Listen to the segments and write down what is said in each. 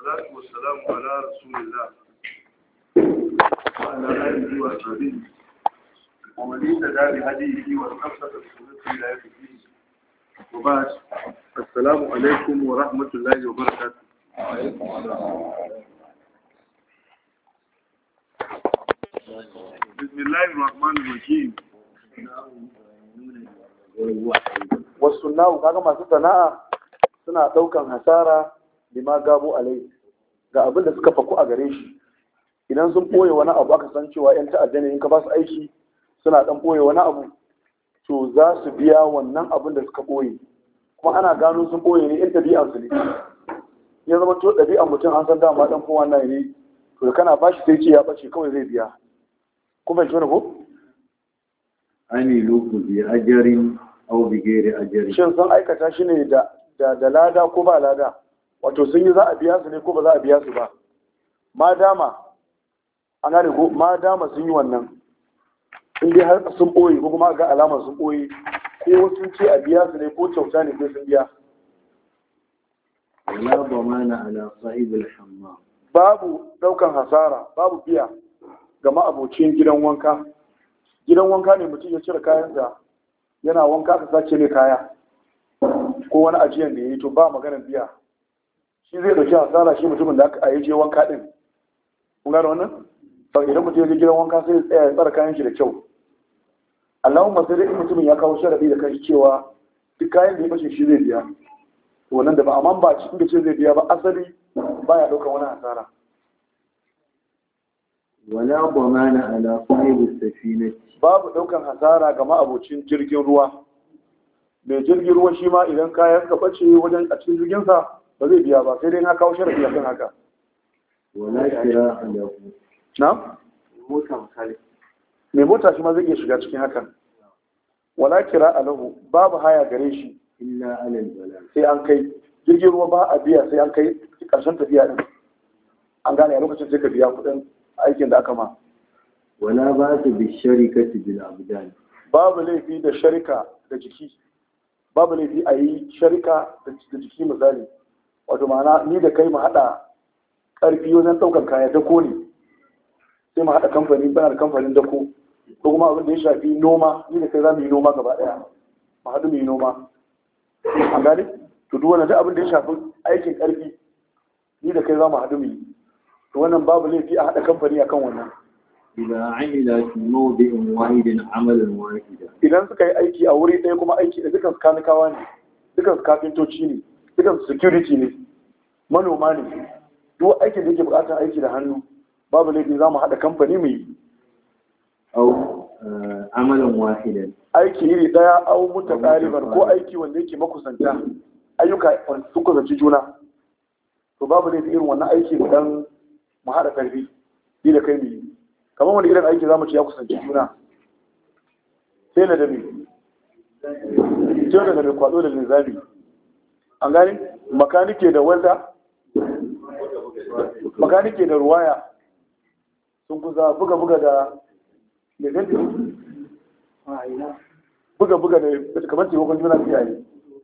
والصلاة والسلام على رسول الله وعلى آله وأصحابه ومن اهتدى بهديه واستمسك بسنته إلى يوم الدين وبعد السلام عليكم ورحمة الله وبركاته بسم الله الرحمن الرحيم والسنة nawu ما masu sana'a هسارة lima gabo alai ga abin da suka faku a gare shi idan sun ɓoye wani abu aka san cewa yan ta'adda ne in ka ba su aiki suna ɗan ɓoye wani abu to za su biya wannan abin da suka ɓoye kuma ana gano sun ɓoye ne in ɗabi'an su ne ya zama to ɗabi'an mutum an san dama ɗan kowa na ne to kana ba bashi sai ce ya ɓace kawai zai biya kuma shi wani ko amilu ku bi ajarin au bi gairi ajarin shin sun aikata shi ne da da lada ko ba lada wato sun yi za a biya su ne ko ba za a biya su ba ma dama an gane ko ma dama sun yi wannan in dai har sun ɓoye ko kuma ga alama sun ɓoye ko sun ce a biya su ne ko kyauta ne sai sun biya babu daukan hasara babu biya ga ma'abocin gidan wanka gidan wanka ne mutum ya cire kayan da yana wanka ka sace ne kaya ko wani ajiyan da ya yi to ba maganar biya shi zai dauki hasara shi mutumin da aka yi je wanka din kun da wannan sau idan mutum ya je gidan wanka sai ya tsaya ya tsara kayan shi da kyau allahumma sai dai mutumin ya kawo sharadi da kai cewa duk kayan da ya fashe shi zai biya wannan da ba amma ba cikin da ce zai biya ba asali ba ya daukar wani hasara wala bamana ala sahibi safinati babu ɗaukar hasara ga ma'abocin jirgin ruwa mai jirgin ruwa shi ma idan kayan ka bace wajen a cikin jirgin sa ba zai biya ba sai dai na kawo sharafi kan haka wala kira alahu na mota misali mai mota shi ma zai iya shiga cikin hakan wala kira alahu babu haya gare shi illa alal bala sai an kai jirgin ruwa ba a biya sai an kai karshen tafiya din an gane a lokacin sai ka biya kuɗin aikin da aka ma wala ba su bi sharikati bil abdan babu laifi da sharika da jiki babu laifi a yi sharika da jiki misali wato ma'ana ni da kai mu haɗa ƙarfi wajen ɗaukar kaya dako ne sai mu haɗa kamfani bana da kamfanin dako ko kuma abin da ya shafi noma ni da kai za mu yi noma gaba ɗaya mu haɗu mu yi noma A gani to duk wannan duk abin da ya shafi aikin ƙarfi ni da kai za mu haɗu mu yi to wannan babu laifi a haɗa kamfani akan wannan إذا عمل في موضع واحد عملا Idan إذا سكاي أيكي أوري wuri ɗaya أيكي إذا كان كان كوان إذا كان كافين توشيني sukan security ne manoma ne duk aikin da yake bukatar aiki da hannu babu laifi za mu haɗa kamfani mu yi eh, amalan wahidan aiki iri daya au mutaqariban ko aiki wanda yake makusanta ayyuka wanda sun kusanci juna to babu laifi irin wannan aiki mu dan mu haɗa karfi ni da kai mu yi kamar wani irin aiki za mu ce ya kusanci juna sai na da me sai da mai kwado da linzami an gani makanike da walda makanike da ruwaya sun kusa buga-buga da leganti buga-buga da kamar taimakon juna fiye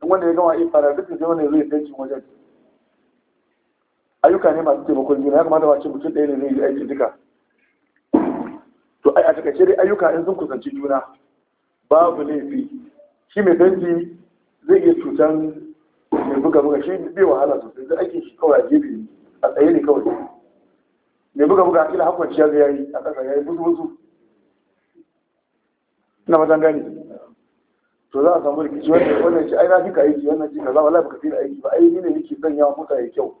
don wanda ya gama yi fara duk da wanda ya zai tanci wajen ayyuka ne masu taimakon juna ya kamata wace mutum ɗaya ne zai yi aiki duka to a takaice dai ayyuka in sun kusanci juna babu laifi shi mai tanci zai iya cutan mai buga buga shi bai wahala sosai da ake shi kawai a gefe a tsaye ne kawai mai buga buga kila hakwanci ya yi yayi a ƙasa yi buzu buzu na matan gani to za a samu rikici wannan wannan shi ai na fika aiki wannan shi kaza wallahi baka fika aiki ba ai ni ne yake sanya ya yi kyau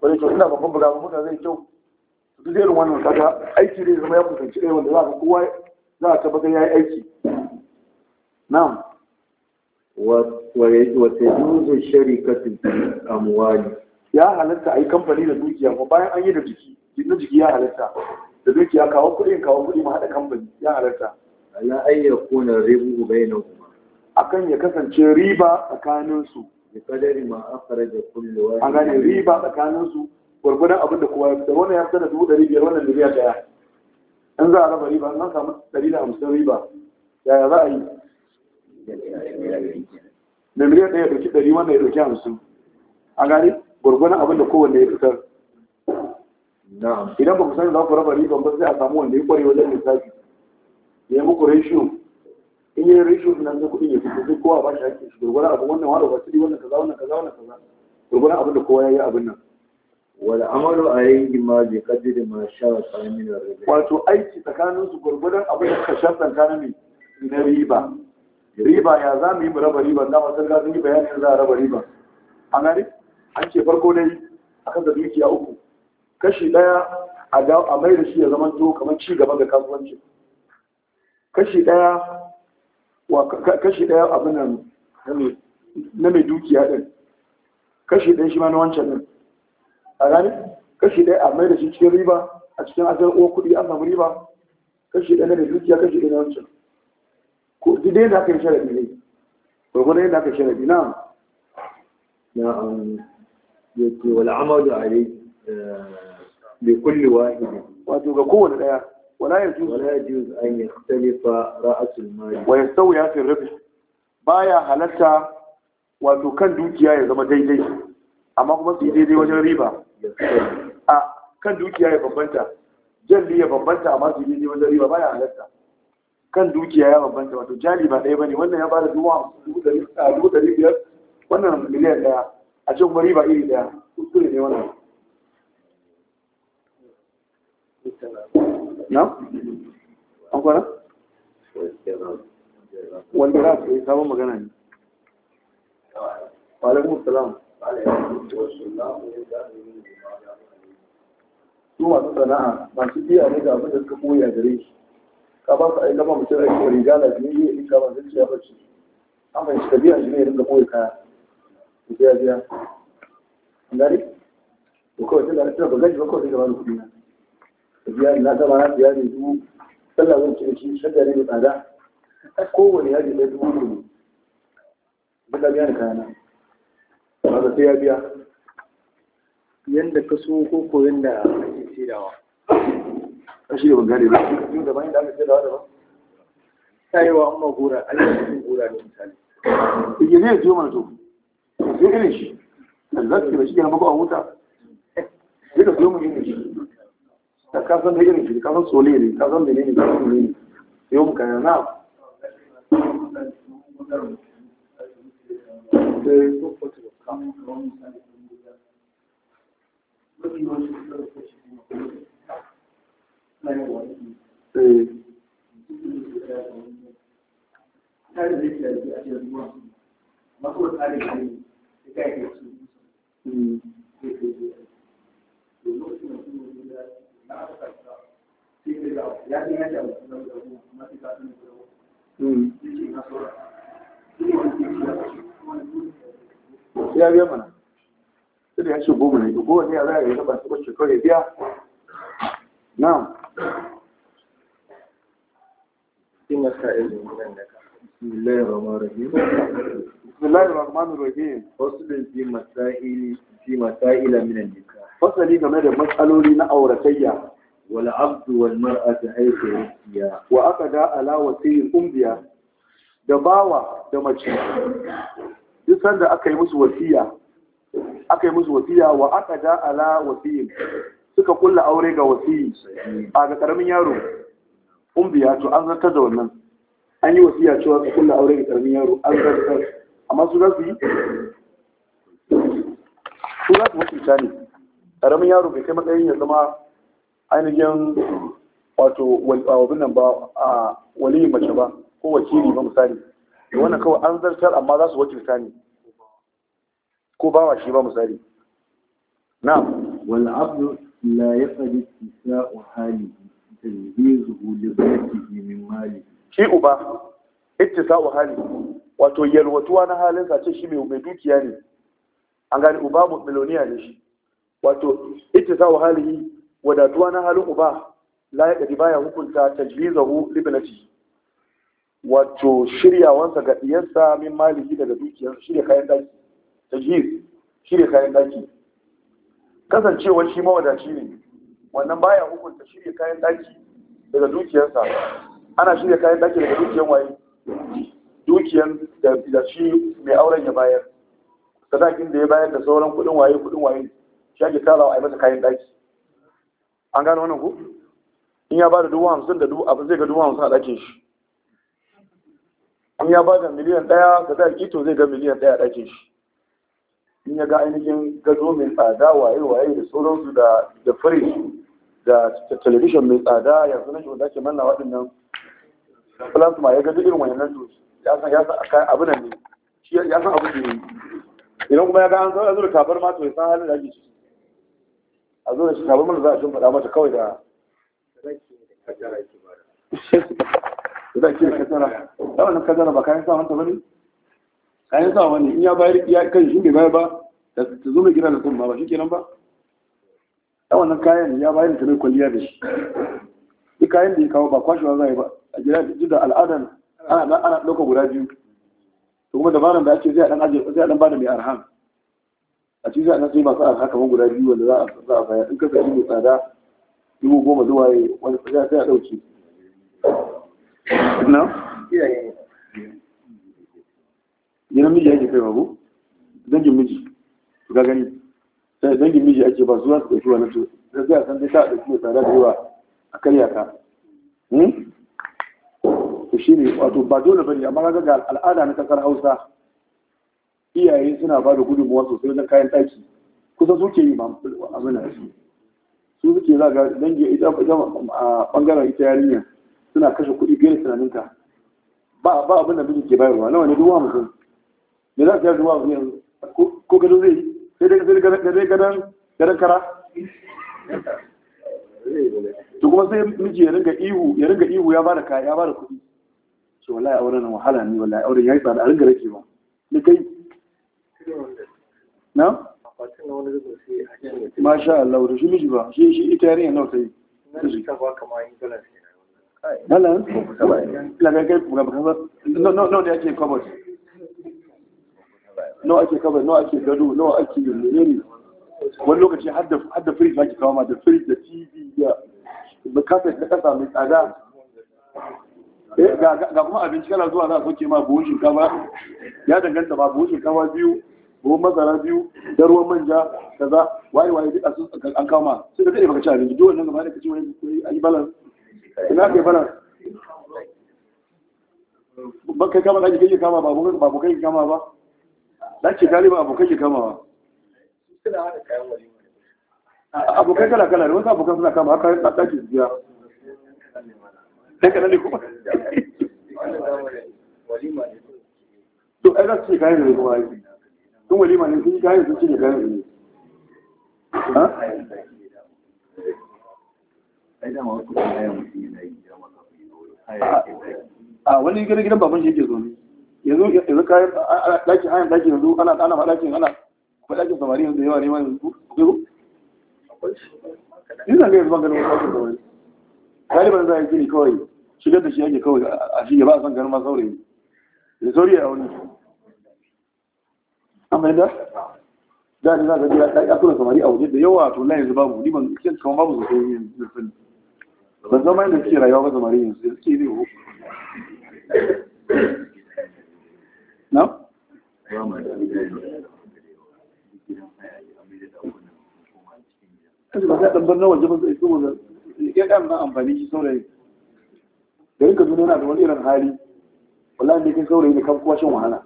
wani to ina babban buga mutane zai kyau duk irin wannan kaka aiki ne zama ya kusanci ɗaya wanda za ka kowa za a tabbatar ya yi aiki na'am وتجوز الشركة بالأموال Ya halatta ai kamfani da dukiya ko bayan an yi da jiki na jiki ya halatta da dukiya kawo kuɗi kawo kuɗi ma haɗa kamfani ya halatta ala ay kuna ribu bainahuma akan ya kasance riba tsakanin su da kadari ma da kullu wa an gane riba tsakanin su gurgurun abin da kowa ya fitar wannan ya fitar da dubu ɗari biyar wannan da biya ɗaya in za a raba riba in an samu ɗari da hamsin riba yaya za a yi da miliyan ɗaya ɗauki ɗari wannan ya ɗauki hamsin a gane gwargwanon abin da kowanne ya fitar idan ba ku sani za ku raba riban ba sai a samu wanda ya kware wajen lissafi ya yi muku ratio in yi ratio nan na kuɗin ya fito sai kowa ba shi hakkin shi gwargwanon abin wannan wani ba su wannan kaza wannan kaza wannan kaza gwargwanon abin da kowa ya yi abin nan wal amalu alayhi ma bi qadri ma shara'a min ar-riba wato aiki tsakaninsu su abin da ka sharɗan tsakanin ne na riba riba ya za mu yi mu raba riba na sun ga sun yi bayanin za a raba riba. A gani an ce farko dai a kan da dukiya uku kashi ɗaya a mai da shi ya zama to kamar ci gaba ga kasuwanci kashi ɗaya wa kashi ɗaya abin nan na mai dukiya ɗin kashi ɗaya shi ma na wancan din a gani kashi ɗaya a mai da shi cikin riba a cikin asirin uwa kuɗi an samu riba kashi ɗaya na mai dukiya kashi ɗaya na wancan ko dai da aka yi sharaɗi ne gwagwada yadda aka yi sharaɗi na yake wala amadu a dai eh, bai kulle wahidi wato ga kowane ɗaya wala ya juz wala ya juz an ya talifa ra'asul mali wa ya fi rabi baya halatta wato kan dukiya ya zama daidai amma kuma su yi daidai wajen riba a kan dukiya ya bambanta jan ya bambanta amma su yi daidai wajen riba baya halatta kan dukiya ya bambanta wato jari ba ɗaya bane wannan ya bada dubu ɗari biyar wannan miliyan ɗaya a cikin kuma riba iri ɗaya kuskure ne wannan na? an kwana? wanda za su yi sabon magana ne walaikun salam su masu sana'a masu biya ne ga abin da suka koya gare shi ka ba ka aika mutum da kuma riga da jini ya rinka ba zai ya bace an fahimci ka biyan shi ne ya rinka koyi kaya Ya biya biya an gari? to kawai tun da na ba gaji ba kawai zai gaba da kuɗi na Ya biya na zama na biya ne dubu sallah zan ci da shi shadda ne da tsada kowane yaji ɗaya dubu ne duka biya da kayana ba sai ya biya yanda ka so ko koyon da ake sirawa shi da bangare ba yau da bayan da aka ce da wada ba ta yi wa an yi cikin gora da misali ike ne ya ciwo mana to sai irin shi da za su ba shi yana maka wuta sai ka ciwo mun irin shi da ka da irin shi ka sole ne ka san menene ka san menene yau mu kayan na Thank eh, you. ya biya mana sai da ya ce goma ne goma ne ya za a yi na ba su kawai biya na'am بسم الله الرحمن الرحيم بسم الله الرحمن الرحيم فصل في مسائل في مسائل من النكاح فصل game da matsaloli na auratayya wal abd wal mar'atu haythu yusiya wa aqada ala wasiyil umbiya da bawa da mace duk sanda aka yi musu wasiya aka yi musu wasiya wa ala wasiyil suka kulla aure ga wasi a ga karamin yaro biya to an zartar da wannan an yi wasiya cewa su kulla aure ga karamin yaro an zartar amma su za su yi su za su wakilta ne karamin yaro bai kai matsayin ya zama ainihin wato wabin nan ba a waliyin mace ba ko wakili ba misali wannan kawai an zartar amma za su wakilta ne ko ba wa shi ba misali na wani abu. لا يقضي اتساء حاله تجهيزه لبيته من ماله shi uba ittisa'u hali wato yalwatuwa na halin sace shi mai dukiya ne an gani uba miloniya ne shi wato ita ittisa'u halihi wadatuwa na halin uba la ya kadi baya hukunta tajlizahu libnati wato shiryawansa ga diyarsa min maliki daga dukiyar shirya kayan daki tajliz shirya kayan daki kasancewar shi mawadaci ne wannan baya hukunta shirya kayan daki daga dukiyarsa ana shirya kayan daki daga dukiyar waye dukiyar da shi mai auren ya bayar sadakin da ya bayar da sauran kudin waye kudin waye shi ake tarawa a yi masa kayan daki an gano wannan ku in ya bada dubu hamsin da dubu abin zai ga dubu hamsin a dakin shi in ya bada miliyan daya sadaki to zai ga miliyan daya a dakin shi in ya ga ainihin gado mai tsada waye waye da sauransu da da fridge da television mai tsada ya zana shi wanda ke manna waɗannan plasma ya gado irin nan to ya san ya san akai abin ne shi ya san abin ne idan kuma ya ga an zo da tabar ma to ya san halin da ake ciki a zo da shi tabar mana za a shi faɗa mata kawai da zaki da kadara da wannan kadara ba kayan sa wanta bane kayan sa wani in ya bayar ya kan shi bai bayar ba ta zo mai gida da kuma ba shi kenan ba ta wannan kayan ya bayar ta mai kwalliya da shi duk kayan da ya kawo ba kwashewa za a yi ba a gida da da al'adar ana ana ɗauka guda biyu to kuma dabaran da ake zai a ɗan ajiye sai a ɗan bada mai arhan a cikin sai a ɗan sai masu arha kamar guda biyu wanda za a bayar in ka sai mai tsada dubu goma zuwa yi. wani sai a ɗauki na? iyayen gidan miji ake kai babu dangin miji su ga gani eh, dangin miji ake ba su za su ɗauki wani su da zai san dai ta ɗauki mai tsada da yawa a karya ka hmm? to shi ne wato ba dole ba ne amma ga al'ada na kasar hausa iyaye suna ba da gudunmuwa sosai na kayan ɗaki kusa ke yi ma amina su su suke za ga dangi ita a bangaren ita yarinya suna kashe kuɗi fiye da tunaninka ba abin da miji ke bayarwa nawa ne duk wa mutum me za ka yi wani yanzu ko gado zai yi sai dai sai dai kara to kuma sai miji ya ringa ihu ya ringa ihu ya bada kaya ya bada kuɗi to wallahi auren wahala ne wallahi auren yayi tsada a ringa rake ba ni kai na masha Allah da shi miji ba shi shi ita yarinya sai kai kuma ba nawa ake kabar nawa ake gado nawa ake menene wani lokaci har da fridge ake kawo ma da fridge da tv da kafet da kasa mai tsada eh, ga kuma abinci kana zuwa za a soke ma buhun shinkafa ya danganta ba buhun shinkafa biyu buhun masara biyu da ruwan manja kaza waye waye duk asu an kawo ma sai ka dade baka ci abinci dole nan gaba da kace wani ayi balan ina kai balan ban kai kama da kake kama ba ba kai kama ba dace galiba abokan abokai ke wa abokai kala kala da wasu abokan suna kama haka yin tsaki biya dan ne kuma to ai za su ce kayan da kuma yi sun walima ne sun yi kayan sun cinye kayan ne a wani gidan gidan baban shi yake zo ne yanzu yanzu kayan daki hayan daki yanzu ana ana ma dakin ana kuma dakin samari yanzu yawa ne ma yanzu yanzu ni zan ga yanzu ban ganin wasu dakin samari galiban za a yi gini kawai shigar da shi yake kawai a shi ba a san ganin ma saurayi da sauri a wani an bai da da ne za ka biya da akwai samari a waje da yawa to na yanzu babu ni ban kyan kama babu sosai yanzu da sani ban zama yadda suke rayuwa ba samari yanzu da suke zai ho na? ba ta ɗanbar na waje ba zai kuma da ya ɗan amfani shi saurayi da rinka duniya na da wani irin hali wallahi ne saurayi ne kan shan wahala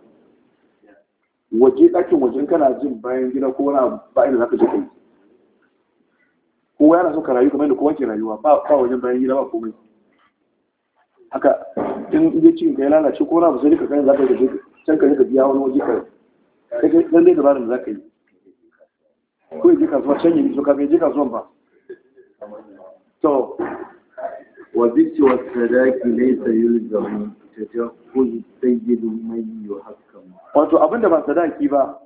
waje ɗakin wajen kana jin bayan gida ko abu ba inda za ka je kai kowa yana so ka rayu kamar da kowa ke rayuwa ba wajen bayan gida ba komai haka in je cikin ka lalace abu sai za ka je can ka ka biya wani waje ka dan dai dabarar da za ka yi ko ya je kasuwa can yi so kafin ya je kasuwan ba to wa bisu wa sadaki laysa yulzamu tajahuz sayyidu man yuhakkam wato abinda ba sadaki ba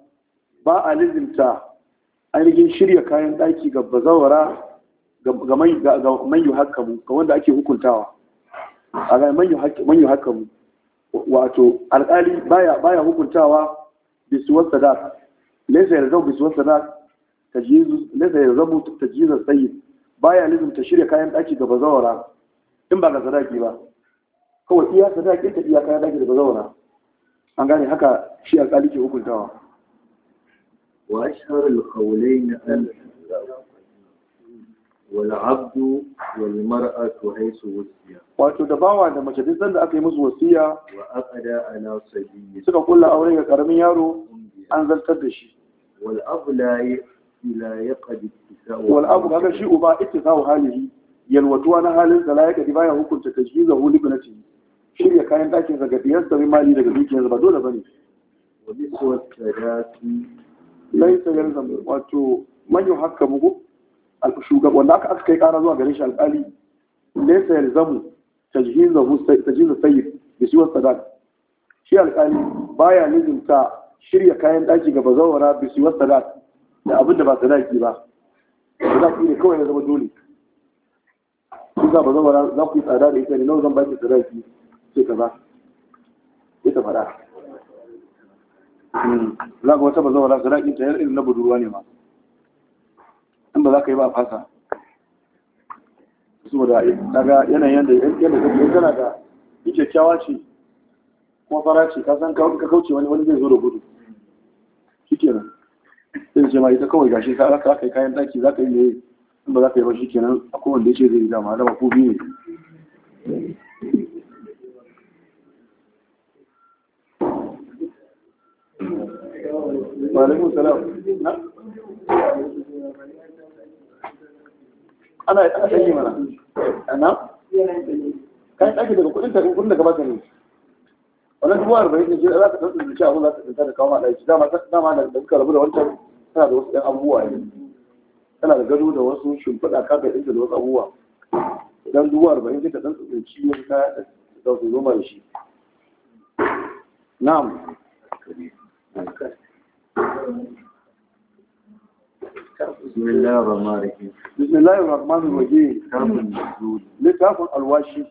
ba a lizimta ainihin shirya kayan daki ga bazawara ga man yuhakkamu ga wanda ake hukuntawa a ga man yuhakkamu wato alkali baya baya hukuntawa bisuwar sadaq laysa yalzamu bisuwar sadaq tajiz laysa yalzamu tajiz as-sayyid baya lazim ta shirya kayan daki ga bazawara in ba ga sadaki ba kawai iya sadakin ta iya kayan daki da bazawara an gane haka shi alkali ke hukuntawa wa ashharul qawlayn an wal abdu wal mar'atu haythu wasiya wato da bawa da mace duk sanda aka yi musu wasiya wa aqada ala sabiyyi suka kulla aure ga karamin yaro an zartar da shi wal abu la ila yaqdi ittisa'u wal abu kaga shi uba ittisa'u halihi yalwatuwa na halin da la yaqdi baya hukunta tajhizahu li ibnatihi shirya kayan dakin sa ga biyar mai mali daga dukiyarsa ba dole bane wa bisu sadaqi laysa yalzamu wato man yuhakkamu shugab wanda aka kai kara zuwa gare shi alƙali laysa yalzamu tajhizahu tajhiz sayyid bi siwa sadaq shi alƙali baya lizinta shirya kayan daki ga bazawara bi siwa sadaq da abin da ba sadaki ba sadaki ne kawai ya zama dole shi za bazawara za ku yi tsada da ita ne nawa zan baki sadaki sai kaza ita fada hmm. za ga wata bazawara sadakin ta yar irin na budurwa ne ma in ba za ka yi ba a fasa da daga yanayin da yadda kake tana da yi kyakkyawa ce kuma fara ce ka san ka kauce wani wani zai zo da gudu nan sai ce ma ita kawai gashi ka aka kai kayan daki za ka yi ne in ba za ka yi ba shi shikenan a kowanne da yace zai yi dama dama ko biyu ne Wa alaikum salam. ana ana tashi mana ana yi tashi daga kuɗin ta kudin daga baka ne wannan dubu arba'in ne za ka dauka zuciya abun za ka ɗan da kawo ma ɗaki dama dama da suka rabu da wancan tana da wasu ɗan abubuwa ne tana da gado da wasu shimfiɗa kafa ɗin da wasu abubuwa idan dubu arba'in sai ka ɗan tsinci wani kaya da za su zo da shi na'am بسم الله الرحمن الرحيم bismillahir rahmanir rahim kitabun littafin alwashi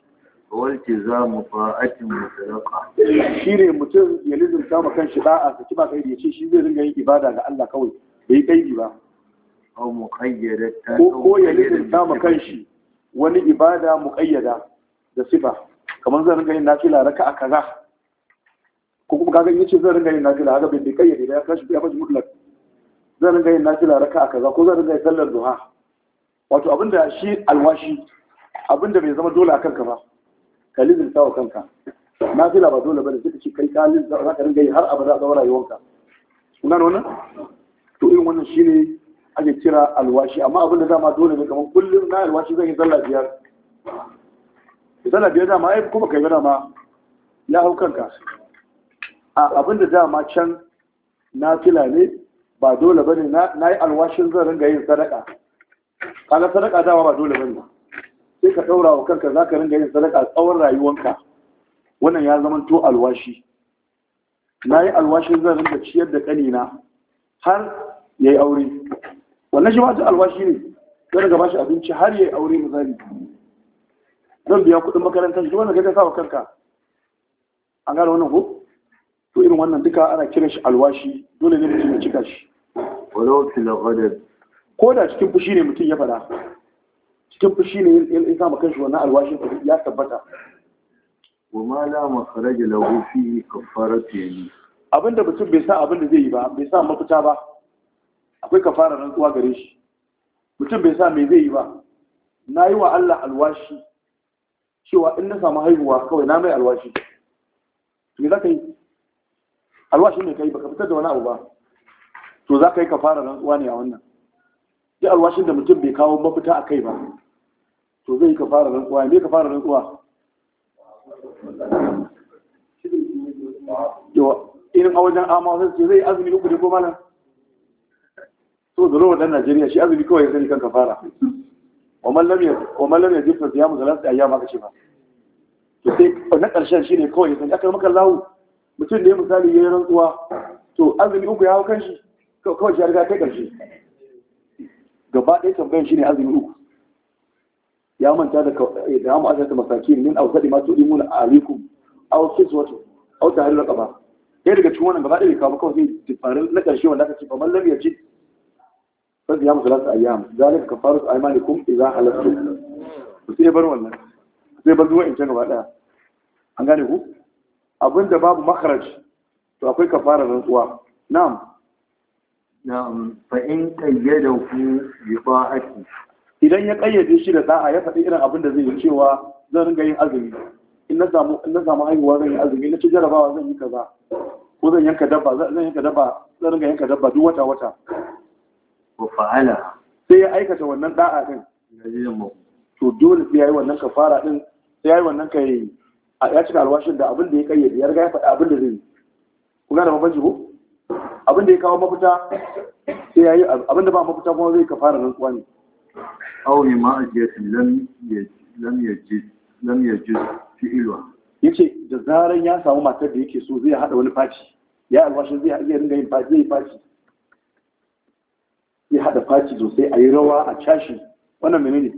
walti za mu fa'atin mutalaqa shine mutum ya lizumta ma kanshi da'a saki ba kai ya ce shi zai ringa yin ibada ga Allah kawai bai kaidi ba aw muqayyada ko ya lizumta ma kanshi wani ibada muqayyada da sifa kamar zan ringa yin nafila raka'a kaza ko kuma kaga yace zan ringa yin nafila haka bai kayyade ba ya kashi ya fashi zan ringa yin nafila raka'a kaza ko zan ringa yin sallar duha wato abinda shi alwashi abinda bai zama dole a kanka ba ka lizinta wa kanka na fila ba dole da suka ce kai ka lizinta za ka ringa yi har abada tsawon rayuwanka kuna wannan to irin wannan shine ake kira alwashi amma abinda dama dole ne kamar kullum na alwashi zan yi zalla biyar zalla biyar dama ai kuma kai dama ya hau kanka a abinda dama can na fila ne ba dole ba ne na yi alwashin zan ringa yin sadaka kaga sadaka dawa ba dole bane sai ka daura wa kanka zaka ringa yin sadaka tsawon rayuwanka wannan ya zama to alwashi nayi alwashin zan ringa ciyar da kanina har yayi aure wannan shi ba alwashi ne zan ringa bashi abinci har yayi aure misali zan biya kuɗin makarantar shi wannan kai ka sa kanka an gane wannan ko to irin wannan duka ana kiran shi alwashi dole ne mutum ya cika shi walau fil ghadab ko da cikin fushi ne mutum ya faɗa cikin fushi ne ya isa kan shi wannan alwashin ya tabbata wa ma la makharaja lahu fi kafaratu yi. abinda mutum bai sa abin da zai yi ba bai sa mafita ba akwai kafara rantsuwa gare shi mutum bai sa mai zai yi ba na yi wa Allah alwashi cewa in na samu haihuwa kawai na mai alwashi to me za ka yi alwashi ne ka yi baka fitar da wani abu ba to za ka yi kafara rantsuwa ne a wannan duk alwashin da mutum bai kawo mafita a kai ba to zai ka fara rantsuwa me ka fara rantsuwa yawa irin a wajen amma sai ce zai azumi uku da ko malam so da rawar dan Najeriya shi azumi kawai sani kan fara. wa mallam ya jifar da ya yajid fa siyamu thalath ayyam ce ba to sai na karshen ne kawai sai aka maka lawu mutum ne misali ya yi rantsuwa to azumi uku ya hau kan shi kawai shi ya riga ta karshe gaba ɗaya tambayar shi ne azumi uku ya manta da eh, da hamu azata masakin min au sadi alikum. tudimu alaikum wato. kiswatu aw tahrir raƙaba sai daga cikin wannan gaba ɗaya kawo kawai zai tifarin na ƙarshe wanda aka ce kamar lam ce sai ya mu salatu ayyam zalika kafaratu aymanikum idza halaftum sai bar wannan sai bar zuwa in can gaba ɗaya an gane ku abinda babu makaraci to akwai kafarar rantsuwa na'am na'am fa in qayyadahu bi ta'ati idan ya kayyade shi da da'a ya faɗi irin abin da zai yi cewa zan ringa yin azumi in na samu haihuwa zan yi azumi na ci jarabawa zan yi kaza ko zan yanka dabba zan yanka dabba zan ringa yanka dabba duk wata wata ko fa'ala sai ya aikata wannan da'a din to dole sai ya yi wannan kafara din sai ya yi wannan kai ya cika alwashin da abin da ya kayyade ya riga ya faɗi abin da zai yi kuna da mabanci ko abin da ya kawo mafita sai yayi abin da ba mafita kuma zai kafara rantsuwa ne aw ne ma ajiyatin lam lam yajid lam yajid fi'ilwa yace da zaran ya samu matar da yake so zai hada wani faci ya alwashi zai iya ringa yin faci zai faci ya hada faci sosai a yi rawa a cashi wannan menene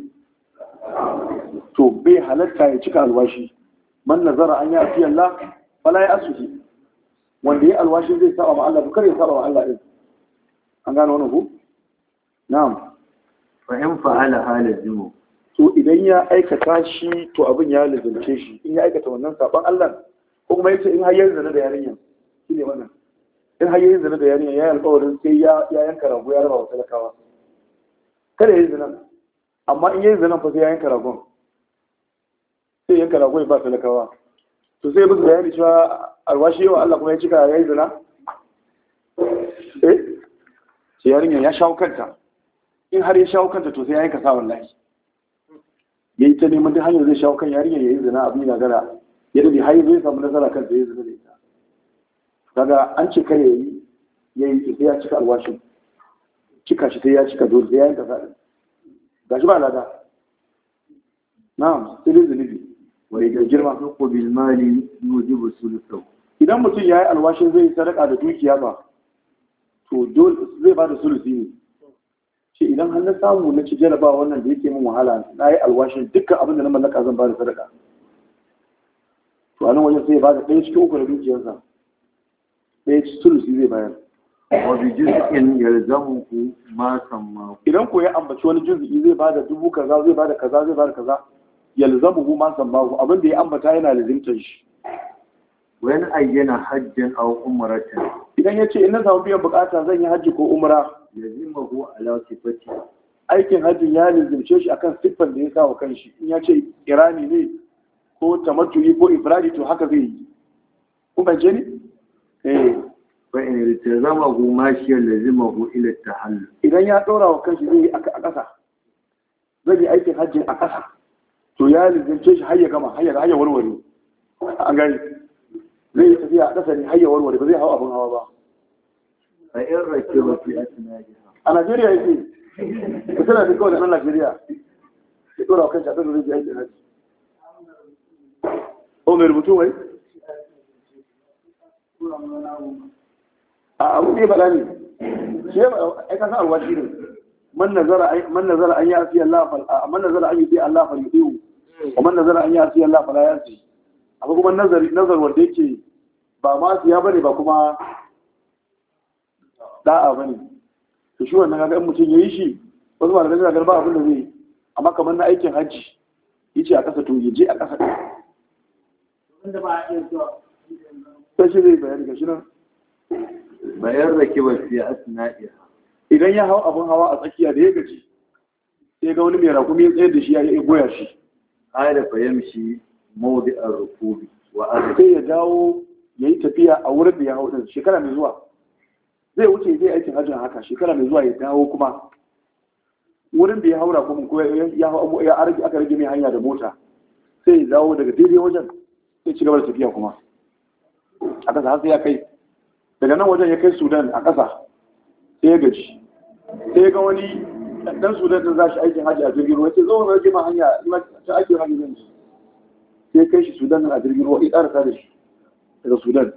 to bai halatta ya cika alwashi man nazara an ya fiye Allah fala ya asuhi wanda ya alwashin zai saba ma Allah to kar ya saba ma Allah din an gano wannan ku na'am fa in fa'ala halazimu to idan ya aikata shi to abin ya lazance shi in ya aikata wannan saban Allah ko kuma yace in har yanzu zana da yarinya shine wannan in har yanzu zana da yarinya ya alƙawarin sai ya ya yanka rago ya raba wa talakawa kada ya yi zina amma in ya yi zina fa sai ya yanka ragon sai yanka ragon ya ba talakawa to sai bisa bayani cewa alwashi yawa Allah kuma ya cika ya yi zina eh sai yarinyar ya shawo kanta in har ya shawo kanta to sai ya yi kasa wallahi ya yi ta neman duk hanyar zai shawo kan yarinyar ya yi zina abin gara ya dabi hayi zai samu nasara kan da ya zina da ita Daga an ce yi, ya yi sai ya cika alwashin cika shi sai ya cika dole sai ya yi kasa shi ba lada na'am sai zunubi wa idan girma ko bil mali yujibu sulusahu idan mutum ya yi alwashin zai sadaka da dukiya ba to zai ba da sulusi ne ce idan har na samu na ci jaraba wannan da yake min wahala na yi alwashin dukkan abin da na mallaka zan ba da sadaka to a nan wajen sai ba da ɗaya cikin uku da dukiyarsa ɗaya sulusi zai bayar idan ko ya ambaci wani juz'i zai ba da dubu kaza zai ba da kaza zai ba da kaza yalzamuhu ma samma abin da ya ambata yana lazimtar shi wani ayyana hajjin a umaratin idan ya ce ina samu biyan bukata zan yi hajji ko umara ya zima mahu ala sifati aikin hajjin ya lizimce shi akan siffar da ya sa wa kanshi in ya ce irani ne ko tamattu'i ko Ibrahim, to haka zai yi kun je ni eh fa in zama hu mashiyar lazima hu ila hannu. idan ya dora wa kanshi zai yi a kasa zai yi aikin hajjin a ƙasa to ya lizimce shi har ya gama har ya warware an gani zai yi a ƙasa ne har warware ba zai hau abin hawa ba a yan rake ba a najeriya yake tana da kawai da nan najeriya ya ɗora wa kanta zai yi mai rubutu a abu ne faɗa ne shi ya ka san alwashi ne man nazara an yi yi kuma ba ma siya ba ne ba kuma da'a ba ne to shi wannan kaga mutum ya yi shi wasu da suna ganin ba abin da zai yi amma kamar na aikin hajji ya ce a ƙasa to ya je a ƙasa ta shi zai bayar ga shi nan bayar da kibar siya a sina'iya idan ya hau abin hawa a tsakiya da ya gaji sai ga wani mai rakumi ya tsayar da shi ya yi goya shi ayar da fahimci mawdi a rukubi wa sai ya dawo ya yi tafiya a wurin da ya hau din shekara mai zuwa zai wuce zai aikin hajjin haka shekara mai zuwa ya dawo kuma wurin da ya haura kuma ko ya hau ya aka rage mai hanya da mota sai ya dawo daga daidai wajen sai ci gaba da tafiya kuma a ƙasa har sai ya kai daga nan wajen ya kai sudan a ƙasa sai ya gaji sai ya ga wani dan sudan da za shi aikin hajji a jirgin ruwa sai zo na rage ma hanya ta aikin hajji zan ji sai kai shi sudan a jirgin ruwa ya ƙarasa da shi daga sudan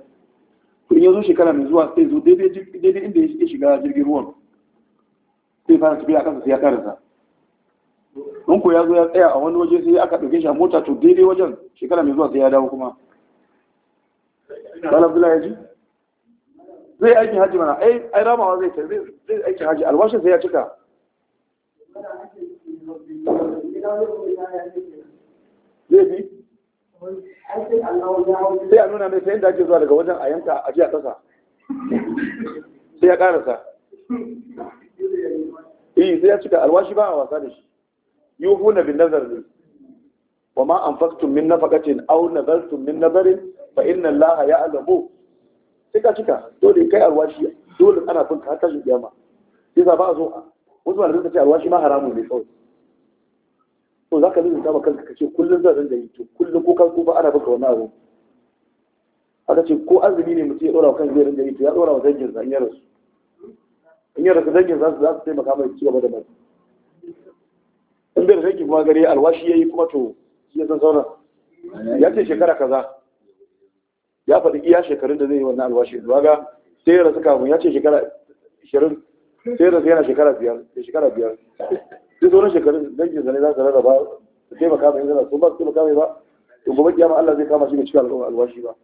to in ya zo shekara mai zuwa sai zo daidai inda ya shiga jirgin ruwan sai fara tafiya a kansa sai ya karasa in ko ya zo ya tsaya a wani waje sai aka ɗauke shi a mota to daidai wajen shekara mai zuwa sai ya dawo kuma ba lafi ya ji? Zai aikin haji mana, ai ramawa zai ta zai aikin haji, alwashin sai ya cika. Zai bi? sai a nuna mai sayan da ake zuwa daga wajen a yanka a jiya ƙasa sai ya ƙarasa iya eh, sai ya cika alwashi ba a wasa da shi yi na bin nazar ne wa ma an faktun min na faƙacin au nazartun min nazarin fa inna laha ya alamu sai ka cika dole kai alwashi dole ana fin ka har tashin kiyama sai ba a zo wasu malamai suka ce alwashi ma haramun ne kawai to za ka lulluta zama kanka ka ce kullum zan rinda yi to kullum ko ka tsufa ana baka wani abu aka ce ko azumi ne mutum ya ɗora wa kan zai rinda yi to ya ɗora wa dangin sa in ya rasu in ya rasu dangin za su za su taimaka mai ci gaba da mai in bai rasu kuma gare alwashi ya yi kuma to shi ya san sauran ya ce shekara kaza ya faɗi iya shekarun da zai yi wannan alwashi zuwa ga sai ya rasu kafin ya ce shekara 20 sai ya rasu yana shekara biyar shekara biyar sai sauran shekarun dangin zane za su rarraba su taimaka mai zana su ba su taimaka mai ba to gobe kiyama Allah zai kama shi da cikin al'umma alwashi ba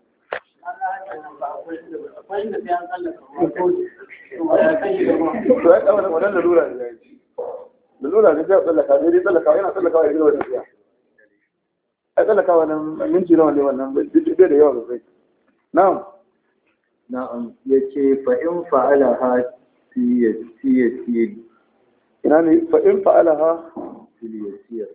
to ya kama wannan lalura ne lalura ne zai tsallaka zai dai tsallakawa yana tsallakawa ya gina wannan siya a tsallaka wannan minti nawa ne wannan bai da yawa sosai na'am na'am yace fa in fa'ala ha siyasiyin يعني فإن فعلها في اليسير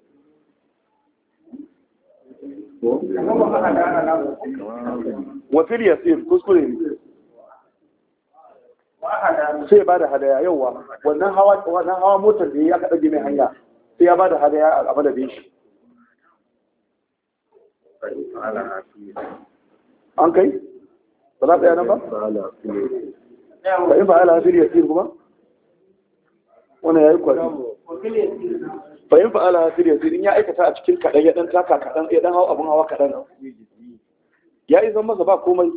وفي اليسير تذكرين سي بعد هذا يا يوا وانا هوا موتر دي يا كدي هيا سي بعد هذا يا ابو دبيش انكي طلعت يا نبا لا لا لا لا ya yi kwari bayan fa'ala fil yasir in ya aikata a cikin kaɗan ya ɗan taka kaɗan ya ɗan hau abin hawa kaɗan. ya yi zan masa ba komai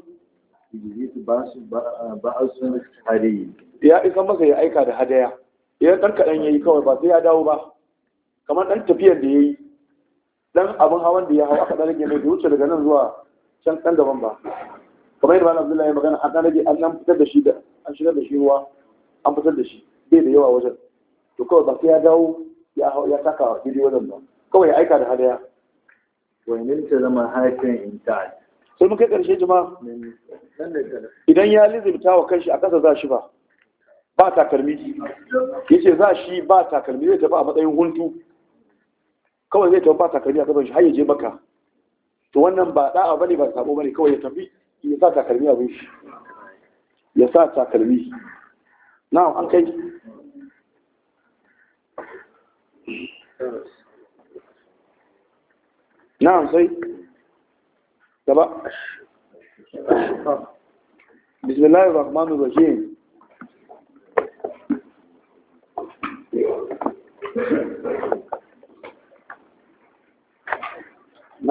ya isa masa ya aika da hadaya ya kaɗan ya yi kawai ba sai ya dawo ba kamar ɗan tafiyar da ya yi, ɗan abin hawan da ya hau aka ɗan rage mai wuce daga nan zuwa can ɗan gaban ba kamar yadda Abdullahi magana an ɗan rage an fitar da shi da an shigar da shi ruwa an fitar da shi bai da yawa wajen to kawai ba sai ya dawo ya saka bidiyo nan ba kawai ya aika da hadaya wani ta zama haifin intact sai muka karshe jima idan ya lizimta wa kanshi a kasa za shi ba ba takalmi ya ce za shi ba takalmi zai tafi a matsayin huntu kawai zai tafi ba takalmi a kasa shi har je maka to wannan ba da'a bane ba sabo bane kawai ya tafi ya sa takalmi bai shi ya sa takalmi na'am an kai na'am sai gaba bismillahir rahmanir rahim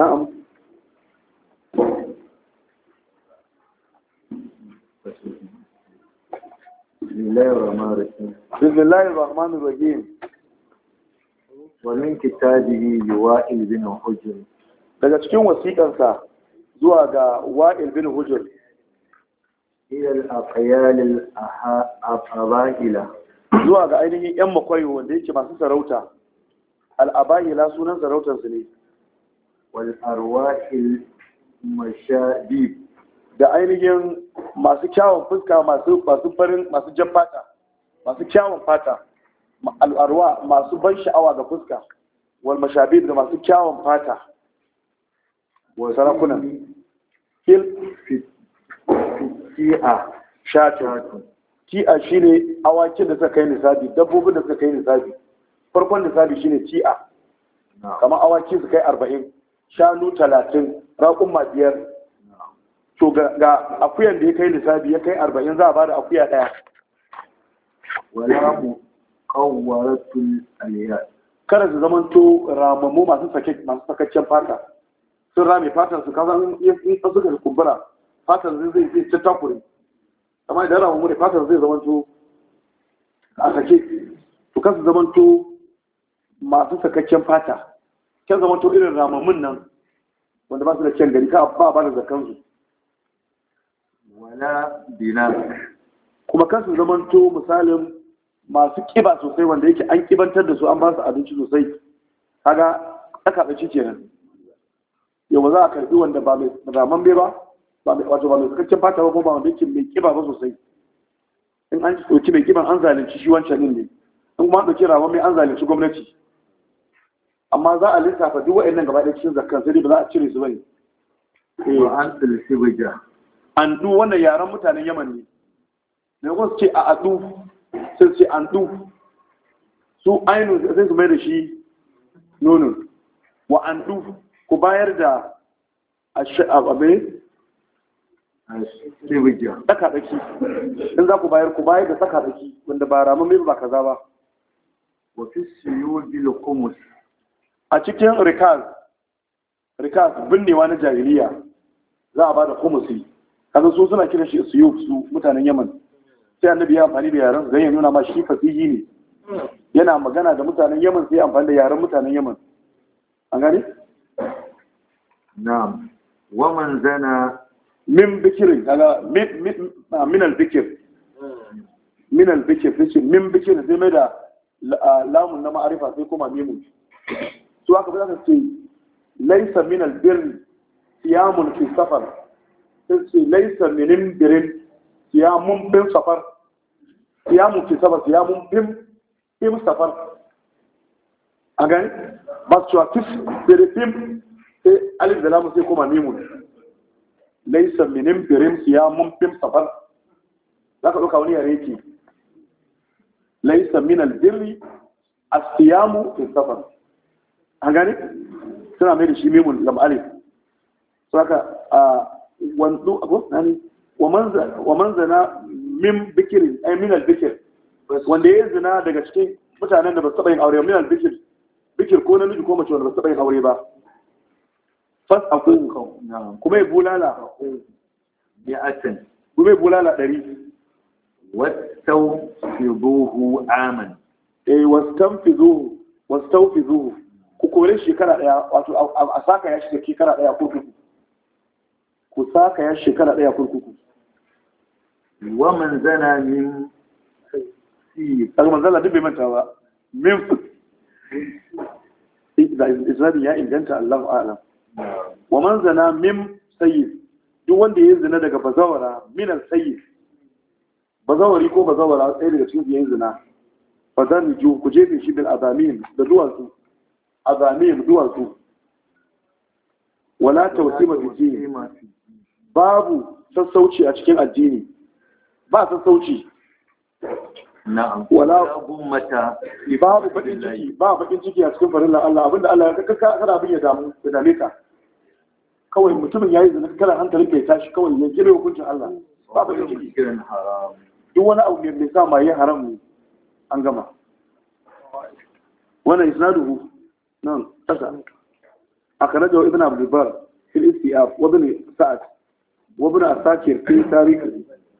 na'am بسم الله الرحمن الرحيم بسم الله الرحمن الرحيم ومن كتابه لوائل بن هجر daga cikin wasiƙansa zuwa ga wa'il bin hujr ilal aqyal al abahila zuwa ga ainihin yan makwayo wanda yake masu sarauta al abahila sunan sarautar su ne wal arwahil mashadib da ainihin masu kyawun fuska masu masu farin masu jan fata masu kyawun fata al'arwa masu ban sha'awa ga fuska wal mashabib da masu kyawun fata wa sarakunan kil fi'a shatun ti'a ne awakin da suka kai nisabi dabbobin da suka kai nisabi farkon nisabi shine ti'a kamar awakin su kai arba'in shanu talatin raƙumma biyar to ga akuyan da ya kai nisabi ya kai arba'in za a ba da akuya ɗaya qawwaratul kada su zamanto masu masu sakaccen fata sun rame fatan su kazan in suka kumbura fatan zai zai zai ta takure amma idan ne zai a sake to kasu masu sakaccen fata kyan zamanto irin ramammun nan wanda ba su da kyan gari ka ba ba da zakansu wala dinar kuma kasu misalin masu kiba sosai wanda yake an kibantar da su an ba su abinci sosai kaga ci bace kenan yau za a karɓi wanda ba mai raman bai ba ba mai wato ba mai cikakken fata ba ba wanda yake mai kiba ba sosai in an ɗauki mai kiban an zalunci shi wancan ne in kuma an ɗauki raman mai an zalunci gwamnati amma za a lissafa duk wa'annan gaba ɗaya cikin zakkan sai ba za a cire su ba eh. an tilsi bija an du wannan yaran mutanen yaman ne ne ko su ce a adu sai ce an ɗu su ainihin sai su mai da shi nonon wa an ɗu ku bayar da abe tsaka tsakadaki in za ku bayar ku bayar da tsakadaki wanda ba ramin mai ba kaza ba siyo a cikin rikaz rikaz binnewa na jahiliya za a ba da kumusi kasan su suna kiran shi siyo su mutanen yaman sai annabi ya amfani da yaren zai nuna ma shi fasihi ne yana magana da mutanen yaman sai amfani da yaren mutanen yaman an gani? na'am man zana min bikirin kaga min ah, bikir min bikir sai ce min bikirin sai mai da ah, lamun na ma'arifa sai kuma mimu su aka fi zaka ce laisa min birin siyamun fi safar sai ce laisa min birin siyamun bin safar siyamun fi saba siyamun bim bim safar a gani ba su cewa tis bere bim sai alif da lamun sai kuma mimun laisa minin birin siyamun bim safar za ka ɗauka wani yare yake laisa minal birri a siyamu fi safar a gani suna mai da shi mimun lam alif saka a wanzu abu wa manzana min bikirin ay eh, min albikir. wanda ya zina daga cikin mutanen da ba su taɓa yin aure min albikir. bikir bikir ko namiji ko mace wanda ba su taɓa yin aure ba fas aku kuma ya bulala bi'atan kuma ya bulala ɗari wastau fi zuhu aman eh wastan fi zuhu wastau fi ku kore shekara ɗaya wato a saka ya shiga shekara ɗaya kurkuku ku saka ya shekara ɗaya kurkuku wa man zana min al-manzala duk bai manta ba min isnadin ya inganta Allahu a'lam wa man min duk wanda ya zina daga bazawara min sayi bazawari ko bazawara sai daga cikin yayin zina za zan ju ku jefe shi bil azamin da duwatsu azamin duwatsu wala tawsima fi babu sassauci a cikin addini ba su sauci na'am wala gummata babu bakin ciki ba bakin ciki a cikin farilla Allah abinda Allah ya kaka kada abin ya damu da dame ka kawai mutumin yayi zina kada hankali ka ya tashi kawai ya gire hukuncin Allah ba bakin ciki kiran haram duk wani abu mai sa ma yin haram an gama wannan isnaduhu nan kasa akhrajahu ibn abdul bar في الاستئاف sa'ad سعد وابن عساكر fi tarikh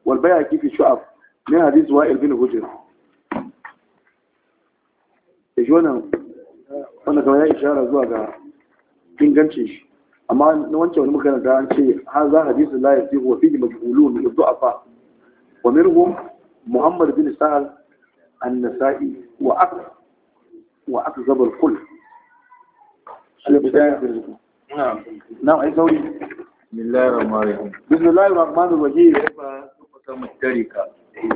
والبيهقي في الشعب من حديث وائل بن هجر shi wannan wanda kamar ya ishara zuwa ga ingancin shi amma na wancan wani muka an ce har za hadisin la yasi wa fihi majhulun wa du'afa wa minhum muhammad bin sa'al an-nasa'i wa ak wa akzab al sauri mutarika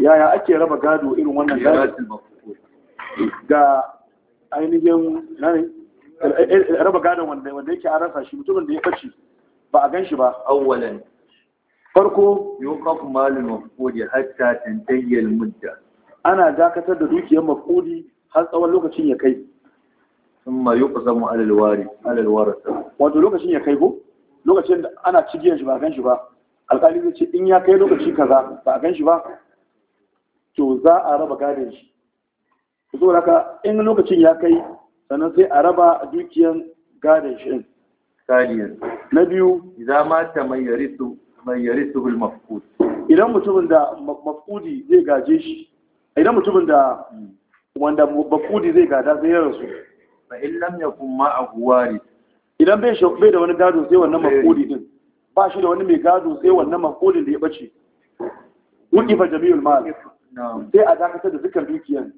yaya ake raba gado irin wannan gado ga ainihin eh, raba gadon wanda yake an rasa shi mutumin da ya ɓace ba a gan shi ba awwalan farko kafin malul mafqudi hatta tantahi al mudda ana dakatar da dukiyar mafqudi har tsawon lokacin ya kai thumma yuqsamu ala al wari ala wato lokacin ya kai ko lokacin da ana cigiyar shi ba a gan shi ba alƙali zai ce in ya kai lokaci kaza ba a gan shi ba to za a raba gadin shi saboda haka in lokacin ya kai sannan sai a raba dukiyan gadin shi din na biyu za ma ta mayyari su mai idan mutumin da mafkudi zai gaje shi idan mutumin da hmm. wanda mafkudi zai gada zai rasu Ba in lam kuma a ahuwari idan bai bai da wani gado sai wannan mafkudi din ba shi da wani mai gado sai wannan makolin da ya bace wukifa jami'ul mal sai a dakatar da dukkan dukiyan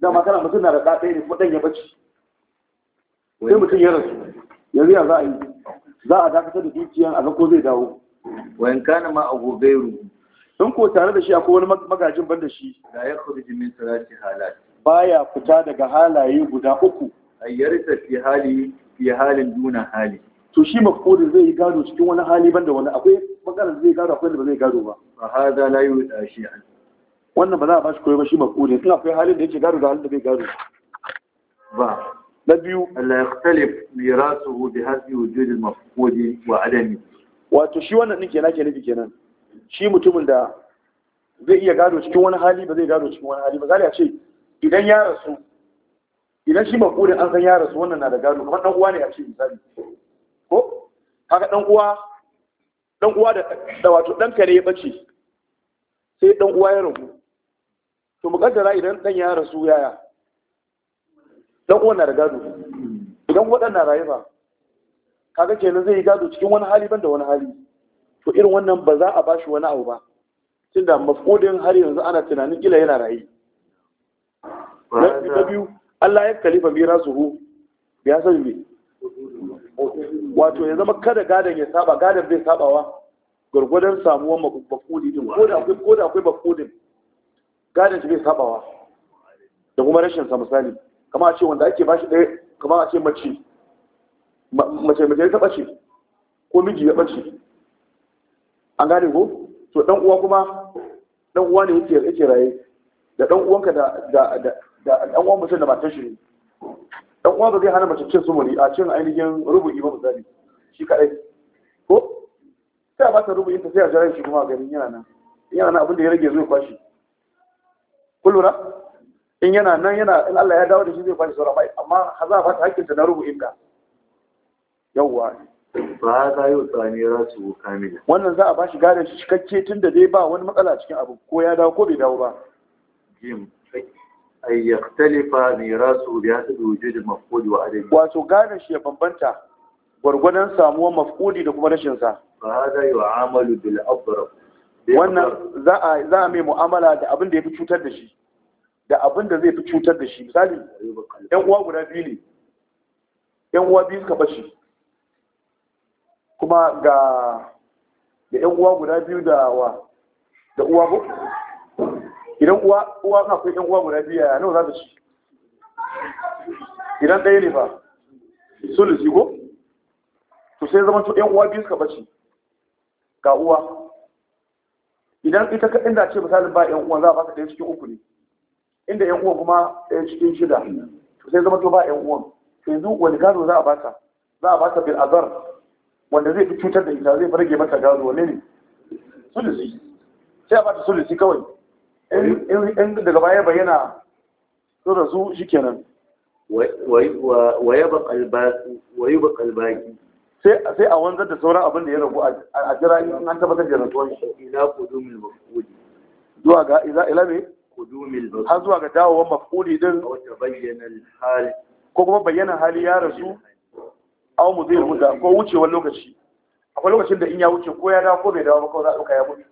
da ma kana mutum na da ɗa ne kuma ɗan ya bace sai mutum ya rasu yanzu ya za a yi za a dakatar da dukiyan a ga ko zai dawo wayan kana ma a gobeiru in ko tare da shi akwai wani magajin ban da shi da ya khuruji min salati halat baya fita daga halaye guda uku ayyarta fi hali fi halin duna hali to shi mafkudin zai yi gado cikin wani hali ban da wani akwai maganar zai gado akwai da ba zai gado ba a hada la yi da shi wannan ba za a bashi koyo ba shi mafkudin tun akwai halin da yake gado da halin da bai gado ba na biyu la yakhtalif mirasuhu bi hasbi wujud al wa adami wato shi wannan din kenan ke nufi kenan shi mutumin da zai iya gado cikin wani hali ba zai gado cikin wani hali ba zai ce idan ya rasu idan shi mafkudin an san ya rasu wannan na da gado kamar dan uwa ne a ce misali ko haka dan uwa dan uwa da da wato dan kare ya bace sai dan uwa ya rabu to mu kaddara idan dan ya rasu yaya dan uwa na da gado idan wadan na rayuwa kaga kenan zai yi gado cikin wani hali ban da wani hali to irin wannan ba za a bashi wani abu ba tunda mafudin har yanzu ana tunanin kila yana rayu na biyu Allah ya kalifa mira suhu ya san wato ya zama kada gadon ya saba gadon bai sabawa gwargwadon samuwar makuli din ko da akwai ko da akwai gadon shi bai sabawa da kuma rashin sa misali kama a ce wanda ake bashi ɗaya kama a ce mace mace mace ta ce, ko miji ya ɓace. an gane ko to ɗan uwa kuma ɗan uwa ne yake raye da ɗan uwanka da da uwan mutum da matar shi ne Ɗan uwa ba zai hana mace cin sumuri a cin ainihin rubu'i ba misali shi kaɗai. ko sai a ba ta rubu'in ta sai a jira shi kuma a garin yana nan yana nan abin da ya rage zai kwashi kullura in yana nan yana in Allah ya dawo da shi zai kwashi sauran amma ha za a ba ta hakkin ta na rubu'in da yawwa ba ka yi tsani ya su kamila wannan za a ba shi gadon shi cikakke tun da dai ba wani matsala cikin abu ko ya dawo ko bai dawo ba ay yaktalifa mirasu bi hasab wujud al-mafqud wa adam wato gadon shi ya bambanta gwargwadon samuwar mafqudi da kuma rashin sa yi wa yu'amalu bil abrab wannan za a mai mu'amala da abin da ya fi cutar da shi da abin da zai fi cutar da shi misali yan uwa guda biyu ne yan uwa biyu suka bashi kuma ga da yan uwa guda biyu da wa da uwa ko idan uwa uwa akwai yan uwa guda biya yaya za ta ci idan ɗaya ne ba sulusi ko to sai zama to yan uwa biyu suka bace ga uwa idan ita ka inda ce misalin ba yan uwa za a fasa ɗaya cikin uku ne inda yan uwa kuma ɗaya cikin shida to sai zama to ba yan uwan to yanzu wani gado za a baka za a baka bil azar wanda zai fi cutar da ita zai farge mata gado Wane ne sulusi sai a bata sulusi kawai in daga baya bayyana sun rasu shi kenan waye ba kalbaki sai a wanzar da sauran abin da ya rabu a jira in an tabbatar da rantsuwan shi ila kudumin mafudi zuwa ga ila ila me kudumin mafudi har zuwa ga dawowar mafudi din ko kuma bayyana hali ya rasu a mu zai muda ko wucewar lokaci akwai lokacin da in ya wuce ko ya dawo ko bai dawo ba ko za a ɗauka ya mutu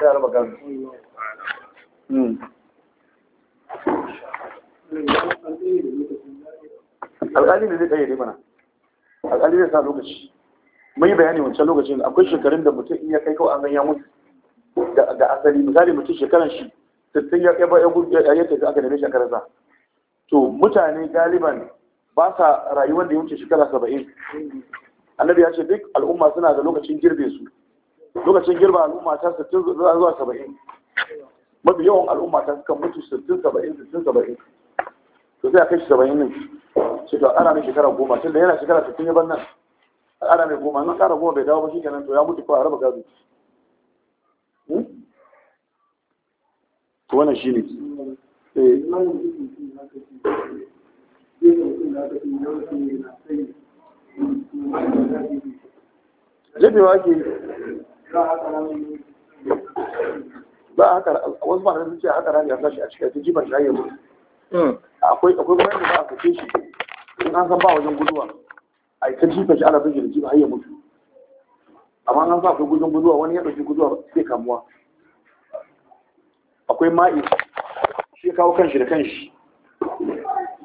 ya raba gano Hmm. alƙali da zai ƙayyade mana alƙali zai sa lokaci mai bayani wancan lokacin akwai shekarun da mutum iya ya kai kawai an ganya mutu da asali misali mutum shekaran shi sittin ya ya gudu ya tafi aka nemi shekarar sa to mutane galiban ba sa rayuwar da ya wuce shekara saba'in annabi ya ce duk al'umma suna da lokacin girbe su lokacin girba al'umma ta sittin zuwa saba'in mafi yawan al'umma ta suka mutu sittin saba'in sittin saba'in to sai kai shi saba'in ne shi to ana mai shekara goma tun da yana shekara sittin ya ban nan ana mai goma nan kara goma bai dawo ba shi kenan to ya mutu ko a raba gado hmm? to wannan shi ne eh. jefewa ke ba haka wasu ba sun ce haka rami a sashi a cikin jimar shayi yanzu hmm. akwai akwai bayan da ba a kace shi in an san ba wajen guduwa a ita jifa shi ana bin da jifa har ya mutu amma an san akwai gudun guduwa wani ya ɗauki guduwa sai kamuwa akwai ma'i shi ya kawo kanshi da kanshi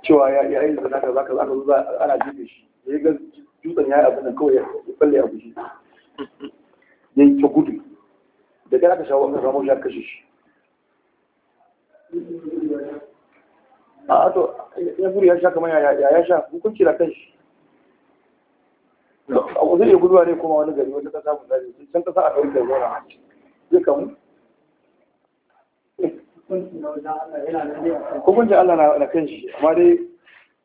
cewa ya yi zana ka za ka zo ana jife shi ya yi ga dutsen ya yi abin da kawai ya balle a guji ya yi ta gudu da gara ka shawo kan ramon ya kashe shi a to ya zuri ya sha kamar ya ya sha hukunci na kanshi a wuzi ne guduwa ne kuma wani gari wata samu mu zari can kasa a ɗauke zaura zai kamu hukuncin Allah na kanshi amma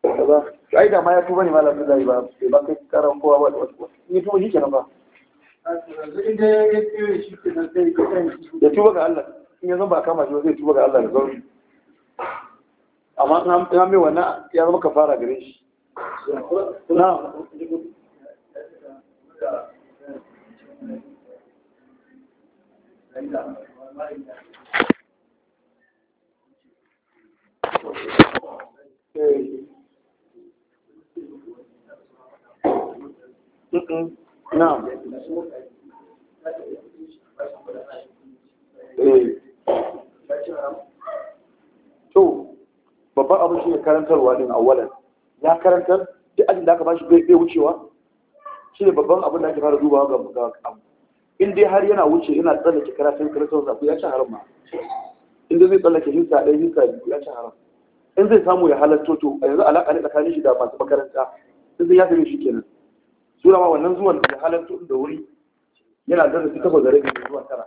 dai ba. ai da ma ya tuba ne malamin zai ba ba kai karan kowa ba da wasu ni tuba shi kenan ba ya tuba ga Allah in yanzu ba kama shi zai tuba ga Allah da zauri amma in an mai wannan ya zama ka fara gare shi na Mm-mm. na'am eh. to babban abin shi ne karantarwa a awalan ya karantar duk ajin da aka bashi bai wucewa shi ne babban abin da ake fara dubawa ga abu in dai har yana wuce yana tsallake karatun karatun zafi ya ci haram ma in dai zai tsallake hinsa ɗaya hinsa biyu ya ci haram in zai samu ya halar to a yanzu alaƙa ne tsakanin shi da masu makaranta in zai ya fi shi kenan sura ma wannan zuwan da halattu da wuri yana darasi takwas da rabi zuwa tara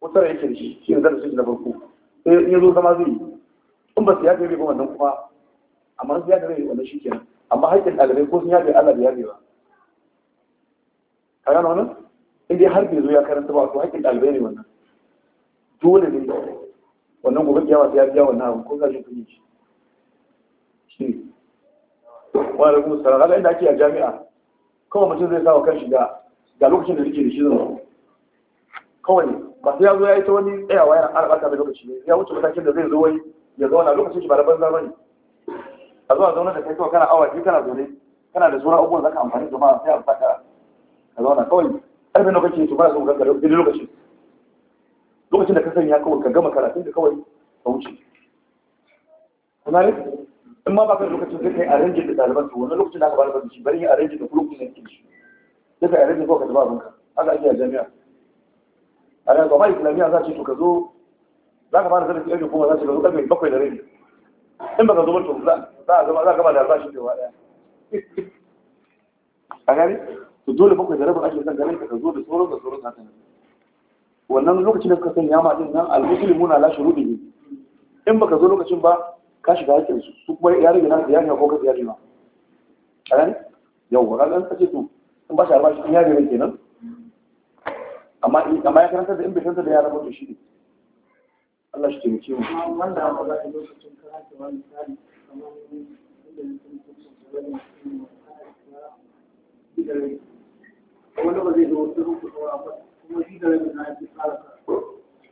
ko tara yake da shi shi ne darasi na farko sai in ya zo zama zai in ba su yafe bai ba wannan kuma amma su yafe bai wannan shi kenan amma haƙƙin ɗalibai ko sun yafe Allah da yafe ba ka gano wannan in dai har bai zo ya karanta ba to haƙƙin ɗalibai ne wannan dole ne wannan gobe kiyama sai ya biya wannan abu ko za shi kuɗi shi ne wa alaikum salam haka inda ake a jami'a kawai mutum zai sa wa kanshi ga ga lokacin da nake da shi zama kawai ba sai ya zo ya yi ta wani tsayawa yana ƙara ɓata mai lokaci ne ya wuce matakin da zai zo wai ya zauna lokacin shi ba da banza ba ne a zuwa zauna da kai kawai kana awa biyu kana zaune kana da sauran abubuwan zaka amfani da ma sai a baka ka zauna kawai ƙarfin lokaci to ba so ka gare lokaci lokacin lokacin da ka sanya kawai ka gama karatun da kawai ka wuce kuma ne in ma baka da lokacin sai kai arrange da ɗaliban to wannan lokacin da ka bada bashi bari a arrange da kurkun da yake shi sai kai arrange ko ka zama abinka haka ake a jami'a a nan gama islamiyya za ce to ka zo za ka fara zarafi ƙarfe kuma za ce ka zo ƙarfe bakwai da rabi in baka zo ba to za a gama za ka ba da albashi da ɗaya a gani to dole bakwai da rabin ake son ganin ka zo da sauran da sauran haka nan wannan lokacin da san ya ma din nan al-muslimuna la shurubi in baka zo lokacin ba ka shiga hakkin su su kuma ya rage nasu ya ko ka ya rima a yau, yawwa ka kace to in ba shi albashi in yare ne kenan amma amma ya karanta da in bai da yaran shi ne Allah shi mu wanda amma za lokacin karatu wani tsari kamar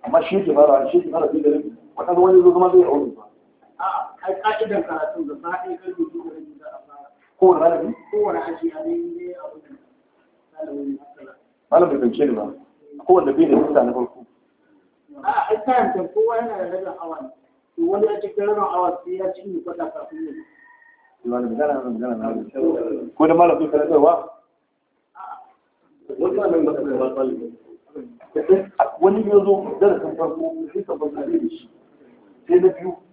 amma shi ke fara shi ke fara bi da rabi wannan wani zama zai yi ai ka'idan karatun da ba ɗaya kan rubutu da rubutu a fara kowane malami kowane aji a ne ne a wajen malamin malam bai fahimce ni ba kowanne bai da hissa na farko a ai kayan kan kowa yana da rabin awa ne wani ya ci rabin awa sai ya ci ni kwata kafin ne malam gana na gana na ko da malam bai karantarwa wani ya zo darasin farko sai ka bar da shi sai na biyu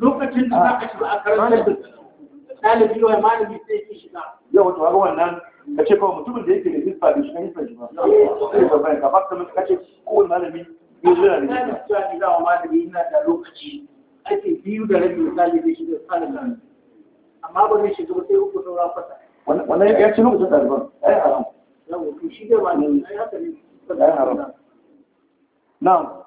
lokacin da za ka shiga a karantar da ɗalibi yau malami sai ke shiga yau wato har wannan ka ce kawai mutumin da yake da hisba da shiga hisba shi ba sai ba bayan ka ba ka ka ce kowane malami biyu zira da hisba cewa ni zawa malami ina da lokaci ake biyu da rabi misali da shiga tsarin amma ba zai shiga sai uku saura fasa wannan ya ci lokacin ɗaliban ai haram yau to shi da malami ai haka ne ai haram na'am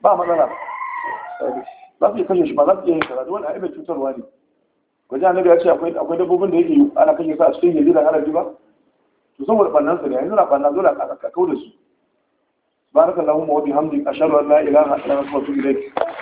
ba matsala za su yi kashe shi ba za su iya yin kaza wani abin cutarwa ne waje annabi ya ce akwai dabbobin da yake ana kashe sa a cikin yanzu da haraji ba to saboda bannan su ne yanzu na banna dole a kau da su barakallahu wa bihamdika ashhadu an la ilaha illa anta astaghfiruka wa